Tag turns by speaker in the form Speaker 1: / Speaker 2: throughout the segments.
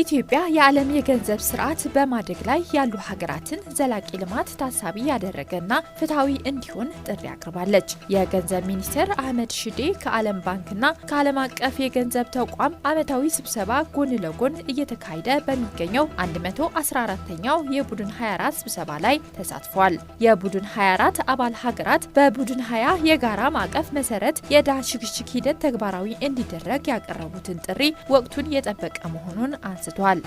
Speaker 1: ኢትዮጵያ የዓለም የገንዘብ ስርዓት በማደግ ላይ ያሉ ሀገራትን ዘላቂ ልማት ታሳቢ ያደረገና ፍትሐዊ እንዲሆን ጥሪ አቅርባለች። የገንዘብ ሚኒስትር አህመድ ሽዴ ከዓለም ባንክና ከዓለም አቀፍ የገንዘብ ተቋም ዓመታዊ ስብሰባ ጎን ለጎን እየተካሄደ በሚገኘው 114ኛው የቡድን 24 ስብሰባ ላይ ተሳትፏል። የቡድን 24 አባል ሀገራት በቡድን 20 የጋራ ማዕቀፍ መሰረት የዕዳ ሽግሽግ ሂደት ተግባራዊ እንዲደረግ ያቀረቡትን ጥሪ ወቅቱን የጠበቀ መሆኑን አንስ አንስቷል።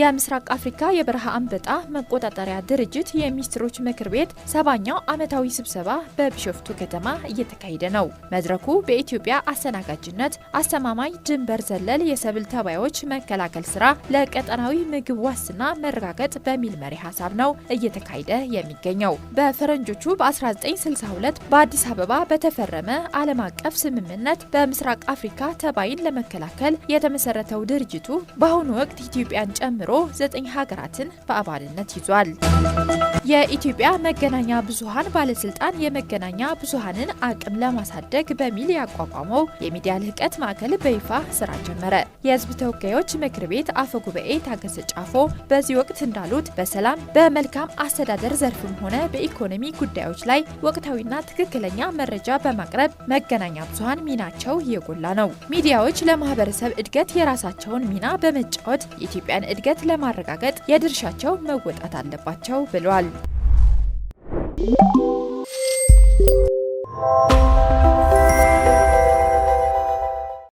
Speaker 1: የምስራቅ አፍሪካ የበረሃ አንበጣ መቆጣጠሪያ ድርጅት የሚኒስትሮች ምክር ቤት ሰባኛው ዓመታዊ ስብሰባ በቢሾፍቱ ከተማ እየተካሄደ ነው። መድረኩ በኢትዮጵያ አስተናጋጅነት አስተማማኝ ድንበር ዘለል የሰብል ተባዮች መከላከል ስራ ለቀጠናዊ ምግብ ዋስትና መረጋገጥ በሚል መሪ ሀሳብ ነው እየተካሄደ የሚገኘው። በፈረንጆቹ በ1962 በአዲስ አበባ በተፈረመ ዓለም አቀፍ ስምምነት በምስራቅ አፍሪካ ተባይን ለመከላከል የተመሰረተው ድርጅቱ በአሁኑ ወቅት ኢትዮጵያን ጨምሮ ዘጠኝ ሀገራትን በአባልነት ይዟል። የኢትዮጵያ መገናኛ ብዙሃን ባለስልጣን የመገናኛ ብዙሃንን አቅም ለማሳደግ በሚል ያቋቋመው የሚዲያ ልህቀት ማዕከል በይፋ ስራ ጀመረ። የህዝብ ተወካዮች ምክር ቤት አፈ ጉባኤ ታገሰ ጫፎ በዚህ ወቅት እንዳሉት በሰላም በመልካም አስተዳደር ዘርፍም ሆነ በኢኮኖሚ ጉዳዮች ላይ ወቅታዊና ትክክለኛ መረጃ በማቅረብ መገናኛ ብዙኃን ሚናቸው እየጎላ ነው። ሚዲያዎች ለማህበረሰብ እድገት የራሳቸውን ሚና በ በመጫወት የኢትዮጵያን እድገት ለማረጋገጥ የድርሻቸው መወጣት አለባቸው ብሏል።